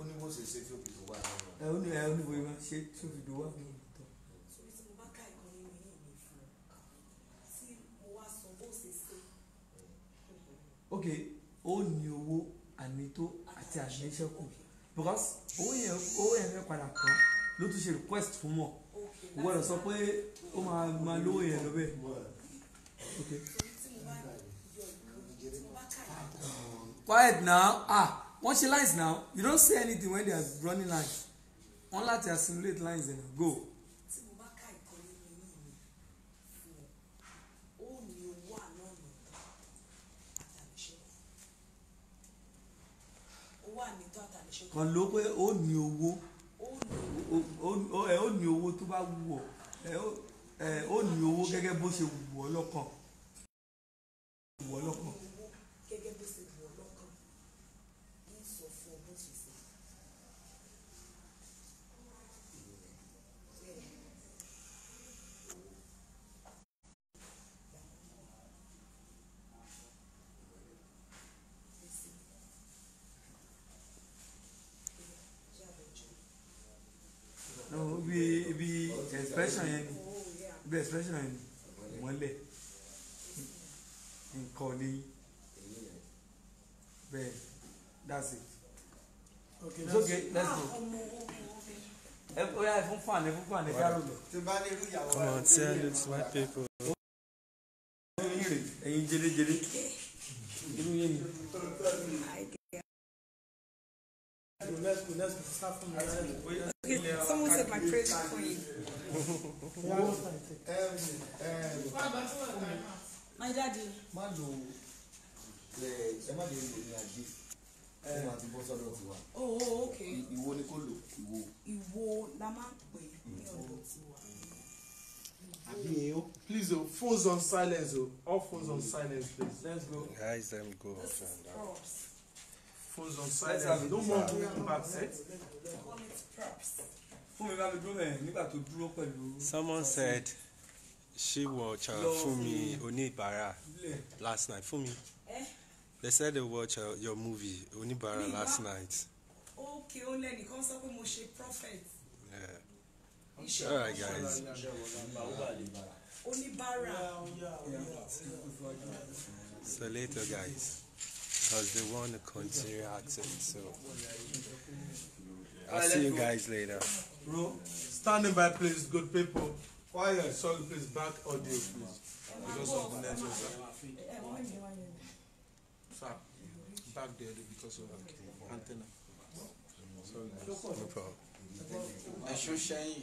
ó ní bó ṣe ṣe tí òbí tó wà ẹ ó ní ẹ ó ní bóyá ṣe tí òbí tó wà nínú ìtọ́. ṣùgbọ́n tí mo bá ká ìkan nínú yìí mi fún tí mo wá sọ bó ṣe ṣe. ok ó ní owó ànító àti àníṣẹ́kù because owó yẹn owó yẹn fẹ́ padà kàn ló tún ṣe request fún mọ̀ kò gbọ́dọ̀ sọ pé ó máa máa lówó yẹn lọ bẹ́ẹ̀. ok. quiet now ah wọ́n ṣe lines now you don't say anything when they are running lines wọ́n láti assimilate lines then go. kàn ló pé ó ní owó ó ní owó tó bá wù ọ́ ó ní owó gẹ́gẹ́ bó ṣe wù ọ́ lọ́kàn. expression ẹ̀ ni ìmọ́lẹ̀ nǹkan ò that's it okay, that's okay let's go. Oya ah, ẹ fún fàánì fún fàánì kárò lọ. Come on, tell it to my people. Ẹyin jẹlẹjẹlẹ. Irú yẹn ni. Someone said my prayers for you my daddy. má lo ẹ oh, oh, oh, ìwo ni kò lò ìwo. ìwo la máa ń pè ní ọ̀dọ̀ tiwa. àbí yẹn o please o phones on silence o all phones on silence please let's go. guys let go off and down. phones on silence no more moving back set. fún mi bá mi dúró mẹ́rin nígbà tó dúró pẹ̀lú. someone said. she watched uh, Fumi Onibara last night. Fumi, eh? they said they watched uh, your movie Onibara Me, last ma- night. Okay, only because of Moshe Prophet. Yeah. All right, guys. Onibara. So later, guys, because they want to continue acting. So I'll see you guys later. standing by, please, good people. why your sorry please back audio please because of the network sir back the audio because of the antenna sorry no problem. ẹ̀sùn sẹ́yìn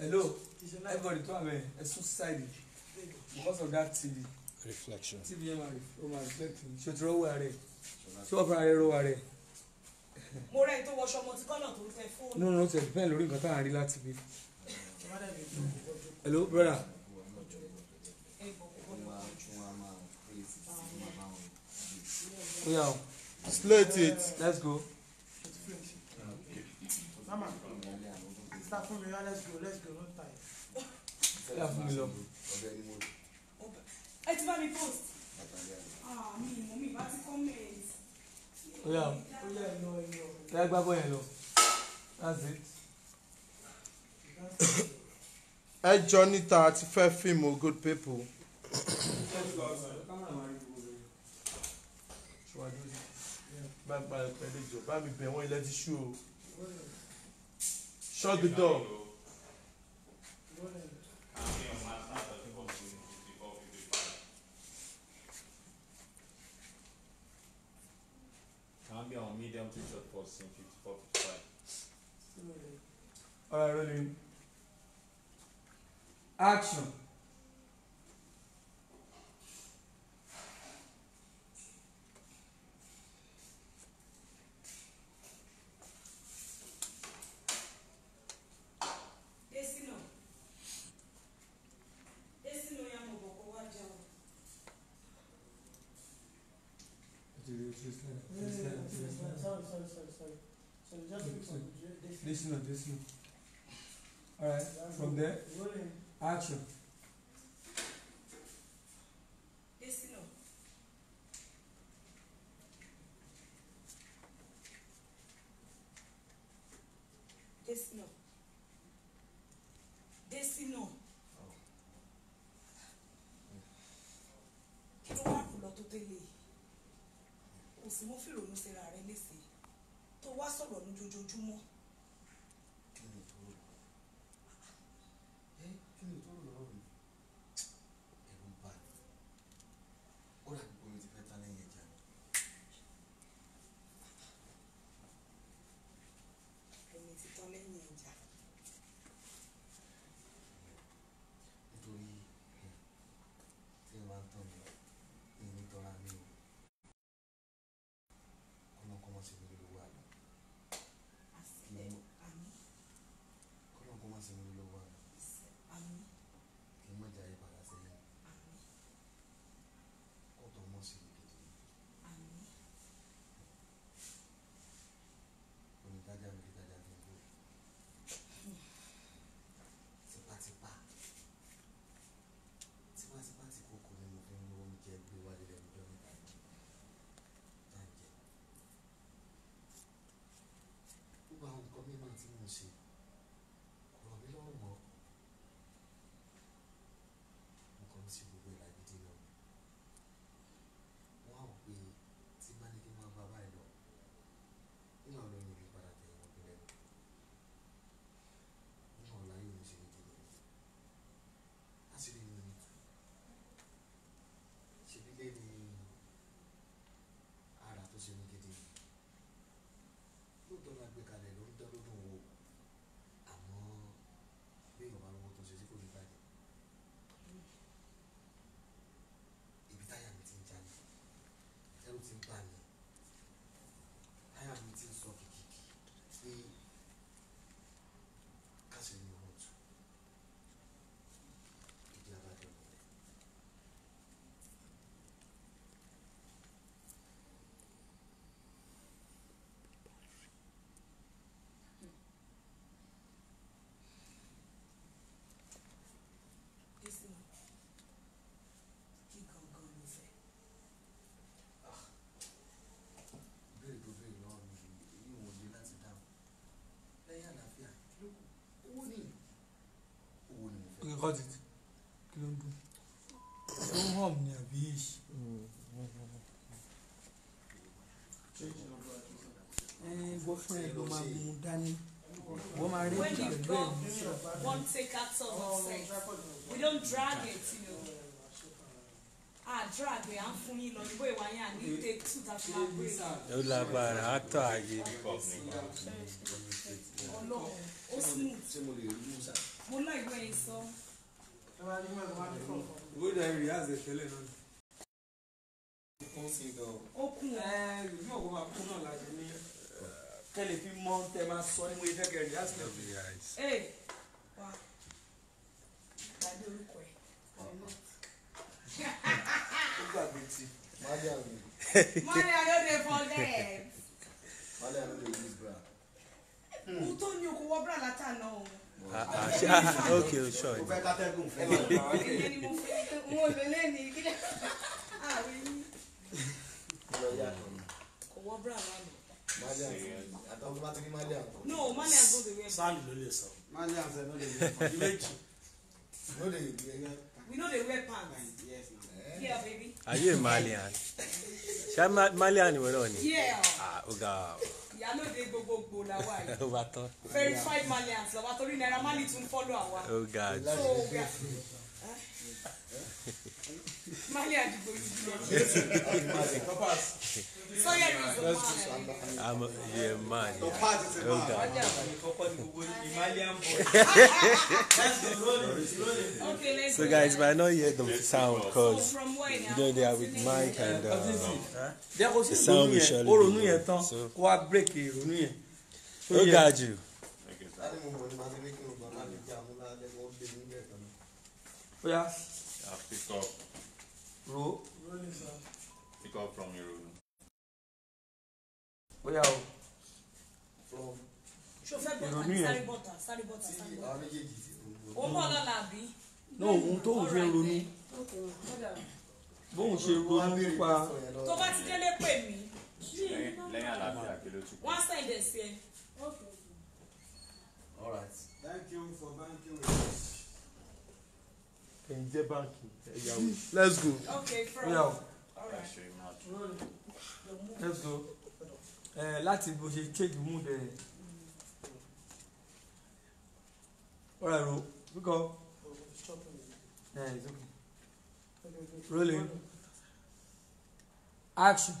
hello everybody come here ẹ̀sùn side because of that tv reflection tv ẹ̀ máa reflect ṣòtúrọ̀ wà rẹ̀ ṣọ́ọ̀fù ara rẹ̀ rọ̀ mo rẹ́ tó wọṣọ mo ti kọ́nà tó fẹ́ fóònù. nínú ló bẹ́ẹ̀ lórí nǹkan tá à rí láti bí. hello brother. oya o. slate it. let's go. mama start mi lọ. ẹ ti bá mi post. ah mi ìmọ̀ mi ìbá ti kọ́ mẹ́ẹ̀ẹ́ ó that's it. ẹ jọ níta àti fẹ́ fíìmù good people. shut the door. be on medium to short for scene 54 55. Alright, ready. Action. This one, this one. Alright, from there, action. Desino. Desino. Kí ló wá kù lọ tó tẹ́lẹ̀ yìí? Kò sí 我做做做么？got it kí ló ń dún ṣé ó hàn ní àbí yìí. boyfriend ló máa mú dání wọ́n máa rí ìjà ìlú ẹ̀ ní ìṣọ̀kan. one take out of sex we don't drag it you know àdúrà gbé à ń fún yín lọ ìbò ìwà yẹn àní tẹ tù tàbí máa gbé ìlà. ó lágbára á tọ́ ààyè. ọlọ́run ó smooth mo láìwé yín sọ. Open. ìdáyé rí àzẹ tẹ́lẹ̀ náà ni. ó sì lọ. ó kún ẹ ìlú ọ̀gbọ́n máa kún náà láti ní kẹlẹ̀ fi mọ́ tẹ máa sọ ní mo ìfẹ́ kẹ rí àzẹ. ẹ wá gbàgbé orúkọ ẹ ọ̀nà. ó gbàgbé tí. Maria no dey forget. Maria no dey use bra. Kò tó ní okòwò bra látà náà o. Ah, ah, ok oh, sure. we no dey wear pants. yeah baby. are you a Malian? ṣé Malian you know. yeah. ah oga. Okay ìyálòde gbogbogbò làwa yìí verified malians làwa torí naira mali tún fọ́lọ́ àwa. so we so guys, but I not hear the sound because you know they are with mic and uh, the sound we surely be. So. Who got you? Oh yeah. Pick up. Roll. Rolling, sir. Pick up from your room. Bóyá o. From. Ṣo fẹ́ bọ́tà ní sáré bọ́tà sáré bọ́tà sáré bọ́tà. Àwọn méjèèjì ti ronú. Ó bọ̀ lọ́la àbí. Náà òun tóun fẹ́ ronú. Bóun ṣe ronú nípa. Tó bá ti délé pè mí. Lẹ́yìn àlàáfíà kí ló tún. Wọ́n sẹ̀dẹ̀ sí ẹ. All right. Thank you for banking with us ẹ̀yin jẹ́ báǹkì ẹ̀yàwó. let's go. okay from all right. let's go. ẹ láti bó ṣe change mood ẹ. ọ̀rẹ́ ro bíkọ́. ẹ ẹ zokè. rolling action.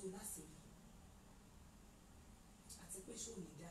tó láṣeyọrí àti pé ṣó lè dá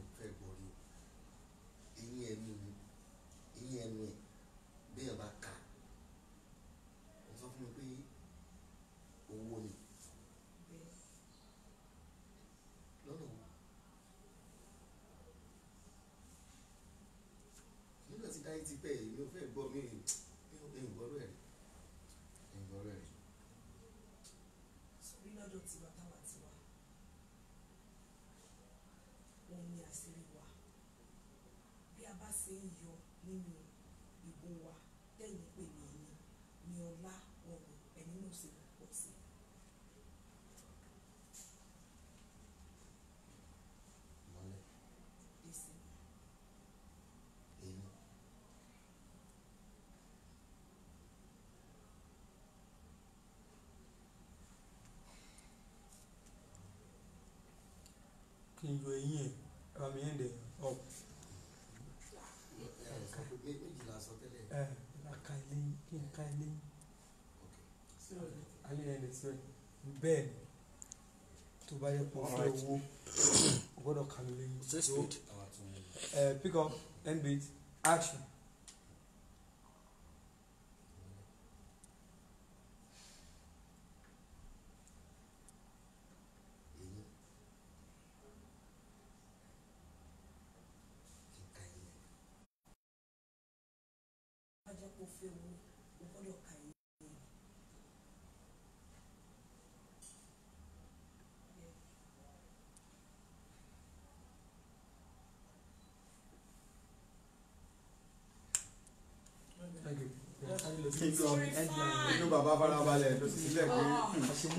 síbẹ̀ èmi ò fẹ́ gbọ́ mi ìgbọ́rọ̀ ẹ̀ ìgbọ́rọ̀ ẹ̀. sórí lọ́dọ̀ tiwa táwa tiwa òun ni àṣírí wa bí a bá ṣe ń yọ nínú ìbò wa lẹ́yìn pè ní ní ọlá ọ̀rọ̀ ẹni náà ṣe pọ̀ sí i. ń yọ ẹ bá mi end ẹ̀ Aka ilé kí n ka ilé yín. Alẹ́ end ẹ̀ síbẹ̀. Bẹ́ẹ̀ ni tó bá yẹ pọ̀ fẹ́ owó o gbọ́dọ̀ kà Pick up, end beat, action. fẹ́ owó o gbọ́dọ̀ ka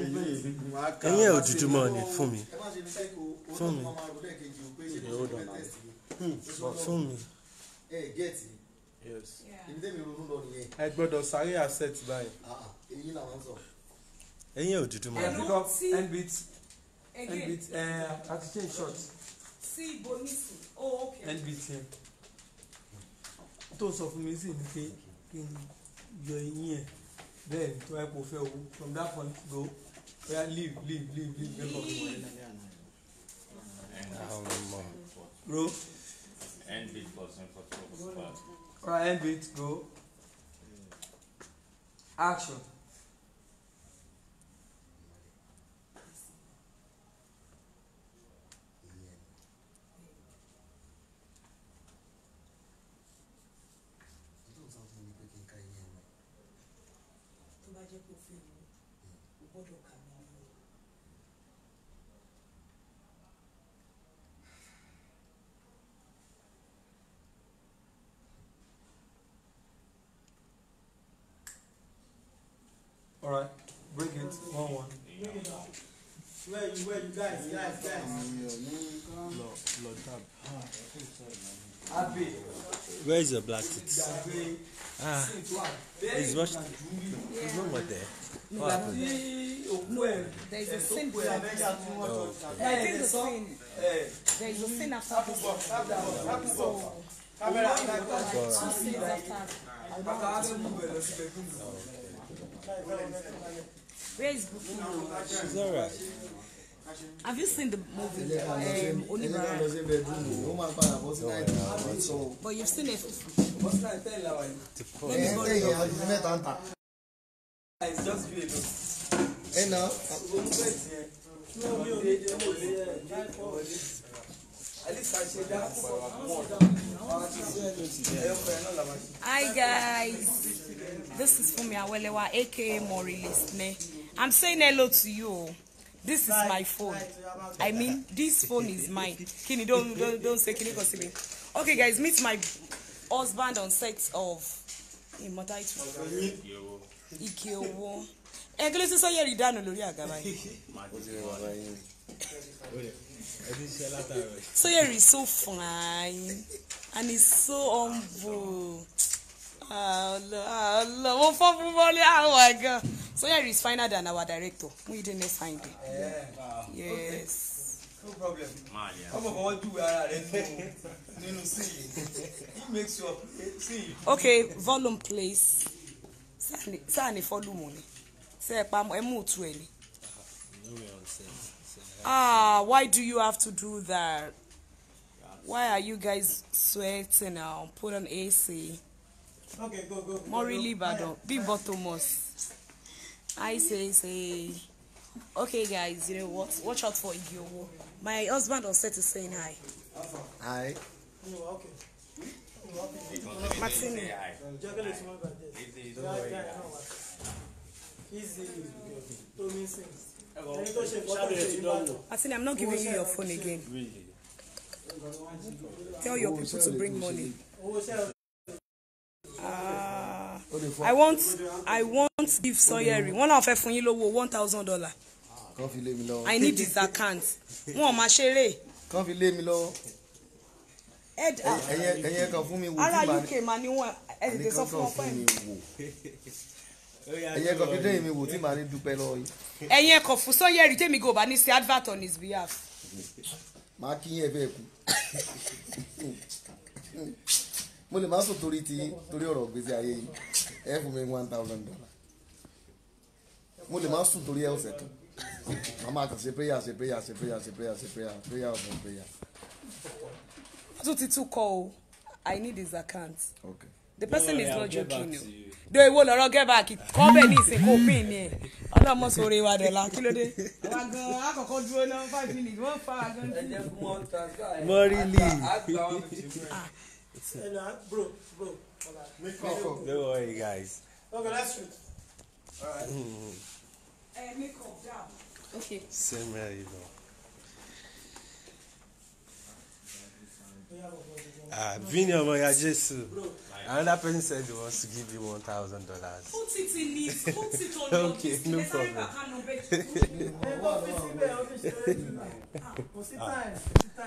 ìwé yẹn. ẹyin ẹ òdùdú mọ ni fún mi fún mi hmm. fún mi yes ibi tẹ́mi ronú lọ nìyẹn. ẹ gbọ́dọ̀ sáré accept báyìí. Ah, ah, èyí làwọn sọ. ẹyin ò dúdú mọ́. ẹ pick up end bit end bit àti eh, change short. sí ibo nísìn ó oh, ok. end bit yẹn tó sọ fún mi sí ni pé kí n yọ eyín ẹ bẹ́ẹ̀ ni tó ẹ kò fẹ́ owó from that point go Yeah, leave leave leave leave make up your mind. ro. end bit for simple for Alright, end it, go. Action. tó bá Where is your black tits? Ah, it's much. It's not what there. What happened? There's a eh, sin. There is a sin. There is a sin after this. So, Camera, like two sins after. I don't want to. Where is Buki? She's alright. Have you seen the movie? Um, Onibara. But you've seen it. Let me borrow It's just you Hey now. Hi guys, this is Fumi Awelewa aka Mori Lisme. I'm saying hello to you. This is my phone. I mean, this phone is mine. Kini, don't don't don't say Kini me. Okay, guys, meet my husband on set of Immortality. Ikeowo. Ẹ kí ló ti sọ́yẹ̀ rí dànù lórí àga so fine and he's so humble. Allah, mo fọ́ fún bọ́lí àwọn ẹ̀gán. Soya is finer than our director. Muhyiddin is fine. Eh, eh, yes. No problem. Ọmọ bọ̀wọ́ júwe ara rẹ nínú sí yìí. He makes sure sí yìí. Okay, volume please. Sáà ní fọ́lùmù ni. Ṣé ẹ pamọ́ ẹ mú òtún ẹ ni? Ah, why do you have to do that? Why are you guys sweating now? Put on AC. Okay, go, go. Morally bad. Big Thomas. I say, say. Okay, guys, you know what? Watch out for Igiowo. My husband on set is saying hi. Hi. No, okay. Martini. Martini, I'm not giving you your phone again. Tell your people to bring money. Ah. i want i want give Sanyeri One làwọn fẹ́ fún yín lówó one thousand dollar i need his account wọn ò máa ṣeré. kàn fi lé mi lọ́wọ́ ah. ẹyẹ kan fún mi wò ara uk ma ni wọn ẹ tètè sọ fún ọpẹ mi. ẹyẹ kan fi dé mi wò tí màá ní dúpẹ́ lọ́wọ́ yìí. ẹyẹ kan fún Sanyeri tèmi kò bá ní ṣe advert on his behalf. màá kí yín ẹ bẹ́ẹ̀ kú. mo lè má sùn torí ti torí ọ̀rọ̀ gbèsè ayé yìí ẹ fún mi one thousand dollar mo lè má sùn torí ẹ ọ̀sẹ̀ kan màmá àti ṣe prayer ṣe prayer ṣe prayer ṣe prayer ṣe prayer prayer upon prayer. tó ti tún kọ o i need his account okay. the person is not joking o do ewo lọ́rọ̀ get back kọ bẹ́ẹ̀ ní ìsìnkú pin ni ẹ ọlọmọ sọ̀rọ̀ ìwà dọlà kí ló dé. àwa gan akọkọ dúró náà five minutes wọn fa àgàn. mo rí lee. and uh, bro, bro, hold on. Make Miko. Don't worry, guys. Okay, let's shoot. All right. Mm. Hey, Miko, down. Okay. Same here, you know. Ah, Vini Omoya Jesu. Another person said he wants to give you one thousand dollars. Put it in it. Put it on okay, your no problem. Tipo, né? ah, tá, tá. ah tá,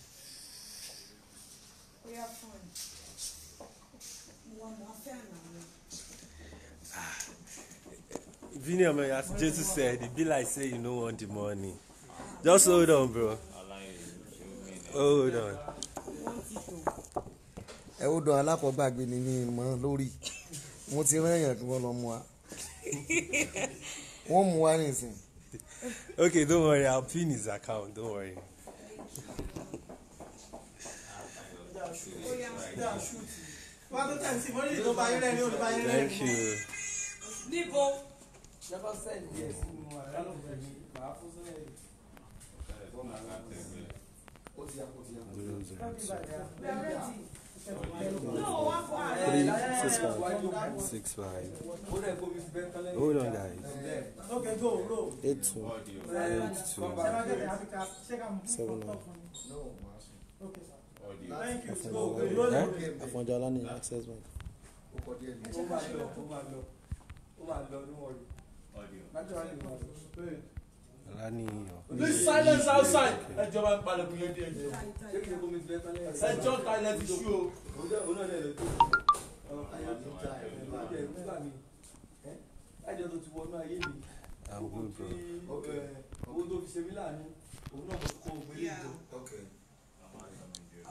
Ah, Vinny, I as Jesus said, it be like say you don't want the money. Just hold on, bro. Hold on. Ẹ ó dán alákọ̀ọ́gbàgbé ni mi mọ́ lórí. Mo ti rán èèyàn kí wọ́n lọ mú wa. Wọ́n mú wa nísìnyí. Okay, don't worry, I'll pin his account, don't worry. Thank you. Nico. Never said yes. Three, six, five, six, five. Hold on, guys. Okay, go, go. Eight, two, eight, two, seven, nine. Okay, Thank Alani Access Bank. Alani yọ. Please silence outside. Ẹ jọba ń palẹ̀ kú yẹn díẹ̀ jù. Ẹ jọ talẹ̀ ti ṣú o. Ẹjọ́ tó ti wọnú ayé mi. Owó tó fi ṣe mí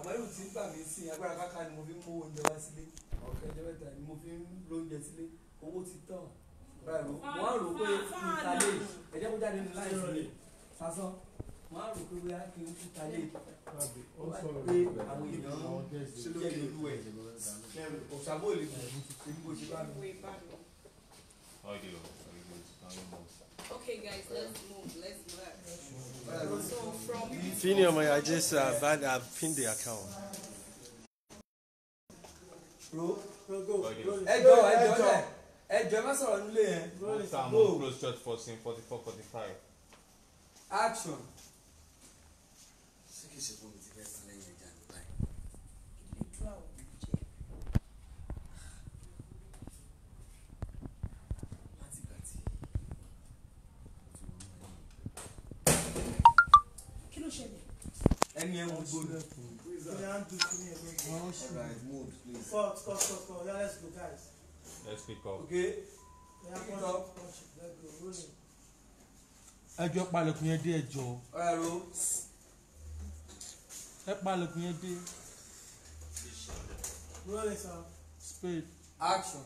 àmọ́rù tí ń gbà mí sí agbára káká ni mo fi ń mú oúnjẹ wá sílé ọ̀kẹ́ ẹjọ́ mẹ́ta ni mo fi ń lóúnjẹ sílé owó ti tán mo á rò pé ìtàlẹ́ ẹ̀jẹ̀ kó jáde nínú láì sílé sásán mo á rò pé bóyá kí n ìtàlẹ́ ó wá pé àwọn èèyàn jẹ́ ìlú ẹ̀ ọ̀sàbọ̀ lè mú ìmú ìṣẹ́ bá mi. Okay, guys, let's move. Let's move. So from Finium, I just uh, bad, I uh, pinned the account. Bro, bro, go. Hey, go, hey, go. Ẹ jọ má sọ̀rọ̀ nílé yẹn. Sam on close church for sin forty four forty five. Action. Ṣé kìí ṣe fún mi? ẹni ẹ wọn gbóni. alright move please. cut cut cut cut yeah let's go guys. let's pick up. okay. pick it up. ẹjọ́ palẹ̀kùn yẹn dé ẹjọ́. ọ̀rọ̀. ẹ palẹ̀kùn yẹn dé. rolling sound. spade. action.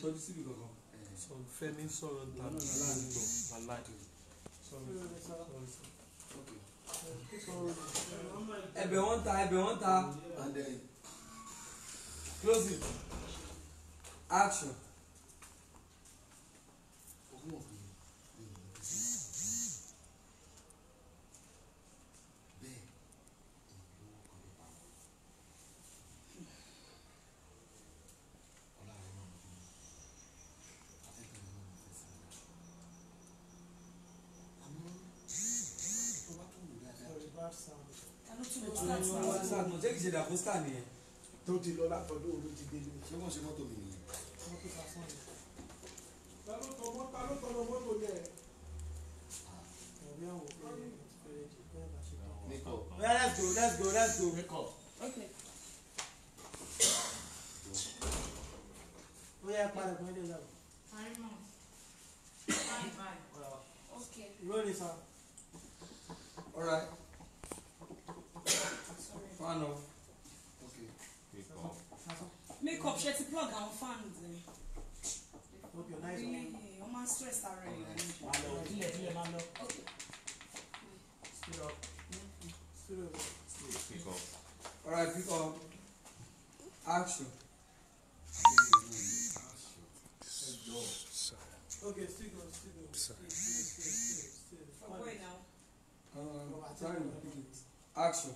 tọ́jú síbi kankan eh. sọ fẹ́ ní sọ̀rọ̀ ta ló ń lọ aláàdì ta ẹ̀bẹ̀ wọn ta and close it action. ṣe dàkóstà nìyẹn. tó ti lọ láfọdún òru ti délé. ṣé wọ́n ṣe mọ́tò mi nìyẹn. mọ́tò sasán ni. ta ló tọ mọ́ ta ló lọ mọ́tò yẹ. ọ̀rẹ́ àwọn ọ̀rẹ́ rẹ̀ ti fẹ́rẹ̀ bẹ́ẹ̀ bá ṣe tọ́. nìkọ. let's go let's go let's go. nìkọ. okay. ó yẹ kpari kò ní lọ. parí mọ́ sa. all right. Sorry. Fano. makeup ṣe ti plug àwọn fan ni wọ́n máa ń stress ara ẹ̀ lẹ́nu. máa lọ ìdílé ìdílé máa lọ. Speed up. Speed up. Speed up. All right, pick up. Action. Okay, still go, still go. Still, still, still, still. From where now? Um, time. Action.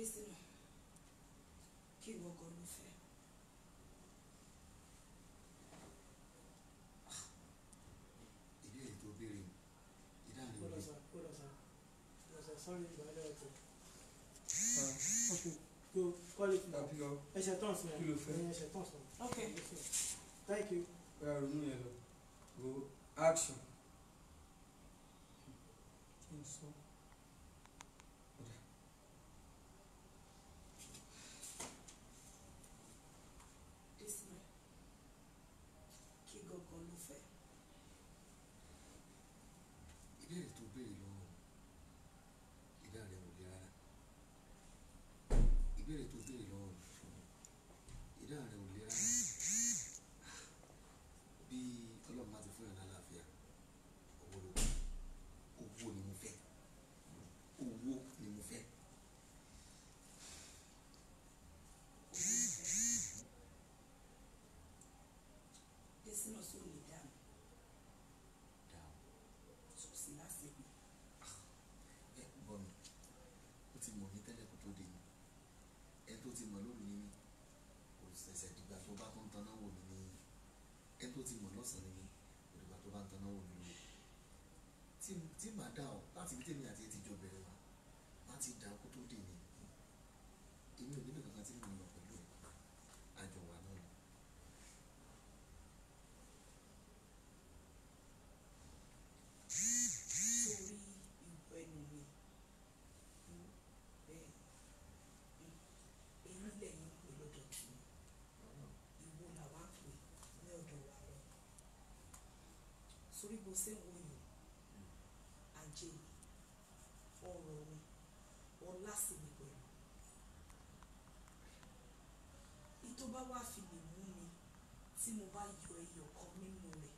lísìnà kí ìwọ gan ló fẹ́ ìbéèrè tó béèrè ìdáhùn rẹ. Go call it now. Ẹsẹ̀ tán sí ẹ̀. Ẹsẹ̀ tán sí ẹ̀. Okay. Thank you. Bóyá ronú yẹn lọ. Go action. Kí n sọ. Gracias. láti ibi tèmi àti ètìjọ bẹ̀rẹ̀ wa láti dà kó tó dè ní èmi ò níbi kankan tí mo lọ pẹ̀lú ẹ̀ àjọ wà náà ni. torí ìwọ ẹnu mi bẹ́ẹ̀ èyí lẹ́yìn pé lọ́dọ̀ tù ìwọ làwa pè ní ọ̀dọ̀ wa lọ sórí bó ṣe tó bá wá fi lè mú mi tí mo bá yọ ẹyọ kan nínú rẹ̀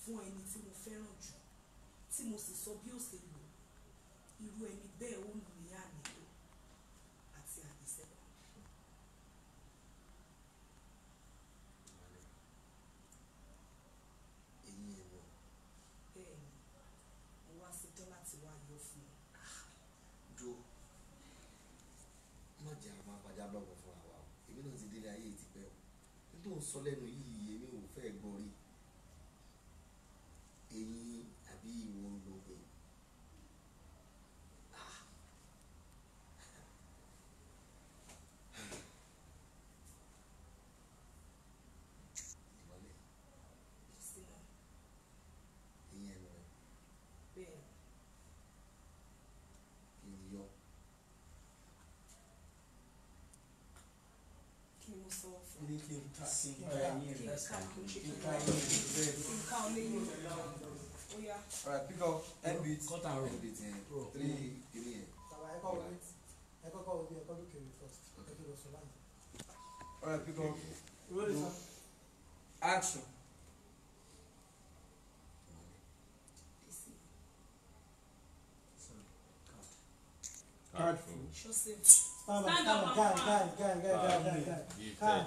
fún ẹni tí mo fẹ́ràn jù tí mo sì sọ bí ó ṣe lò irú ẹni bẹ́ẹ̀ ó lù ní àná ń sọ lẹ́nu yìí èmi ò fẹ́ gbọ́ rí eyín àbí ìwọ lóge eyín ẹnu rẹ kí ní kí n ká kí n ká ẹyin alright pick up end beat cut and roll beat three kìíní yẹn. bàbá ẹ kọ́ wọlé ẹ kọ́kọ́ wọlé ẹ kọ́ alright pick up action. Card Stand up, stand up, guy, guy, guy, guy, guy, guy, guy.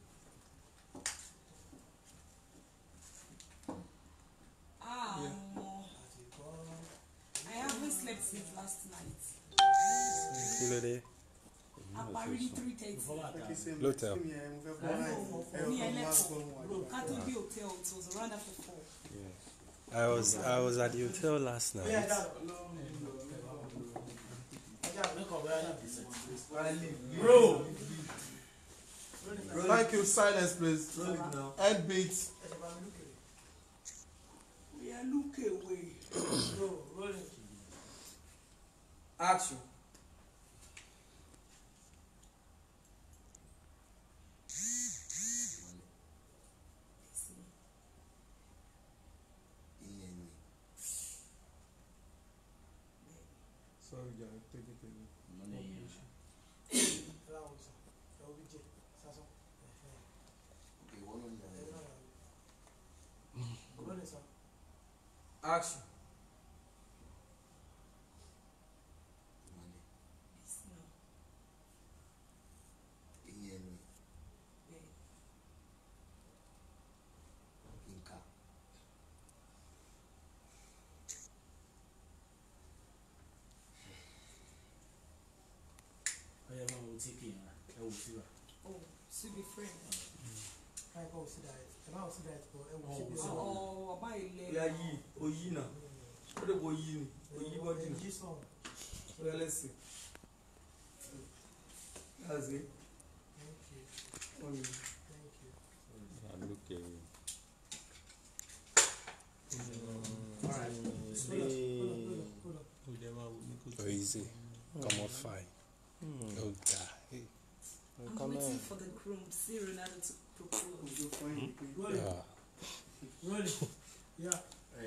last night. Apparently three hotel. I was I was at the hotel last night. Bro. Thank you. Silence, please. Head beats. We are looking away. Action. Action. fura. o síbi friend. káyọ̀ kọ́ òsì dáa ẹ̀ máa òsì dáa ẹ̀ pọ̀ ẹ̀ wò síbi sọ. ọba ilé ya yí oyí náà ó dẹ̀ bọ̀ oyí ni oyí bọ́dì ni ó yẹ lẹ́sìn. That's it. Thank you. Oh, yeah. Thank you. I oh, ah, look at you. Oh, easy, mm. come on, fine. Mm. Oh, God. I'm Come waiting for the groom, see Ronaldo to propose. Hmm? Yeah. Rolly. Yeah. Oh,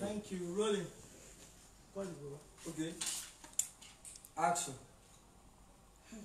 Thank you, Rolling. Okay. Action. Hmm.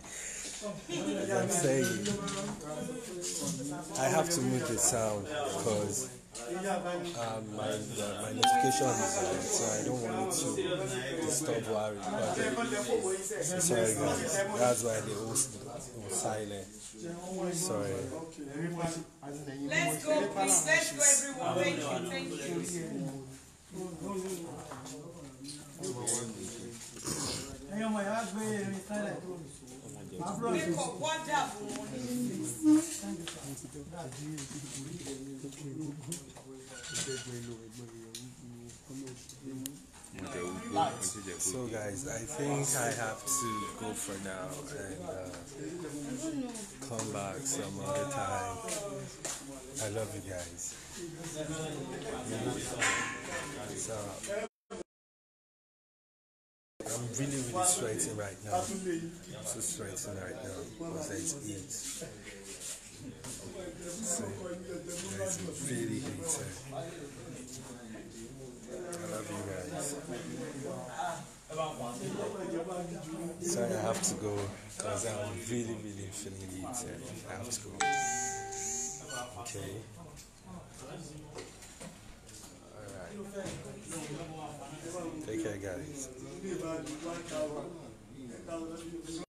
I'm saying I have to mute the sound because um, my, uh, my notification is on, so I don't want it to disturb Larry. But uh, sorry, guys, that's why they was, was silent. Sorry. Let's go, please. Let's go, everyone. Thank you. Thank you. Hang my husband is silent. So guys, I think I have to go for now and uh, come back some other time. I love you guys. So. I'm really, really sweating right now. I'm so sweating right now because i heat. So, it's really heat. I love you guys. Sorry, I have to go because I'm really, really feeling heat. I have to go. Okay. All right. Take care, guys. possibilidade né? tá de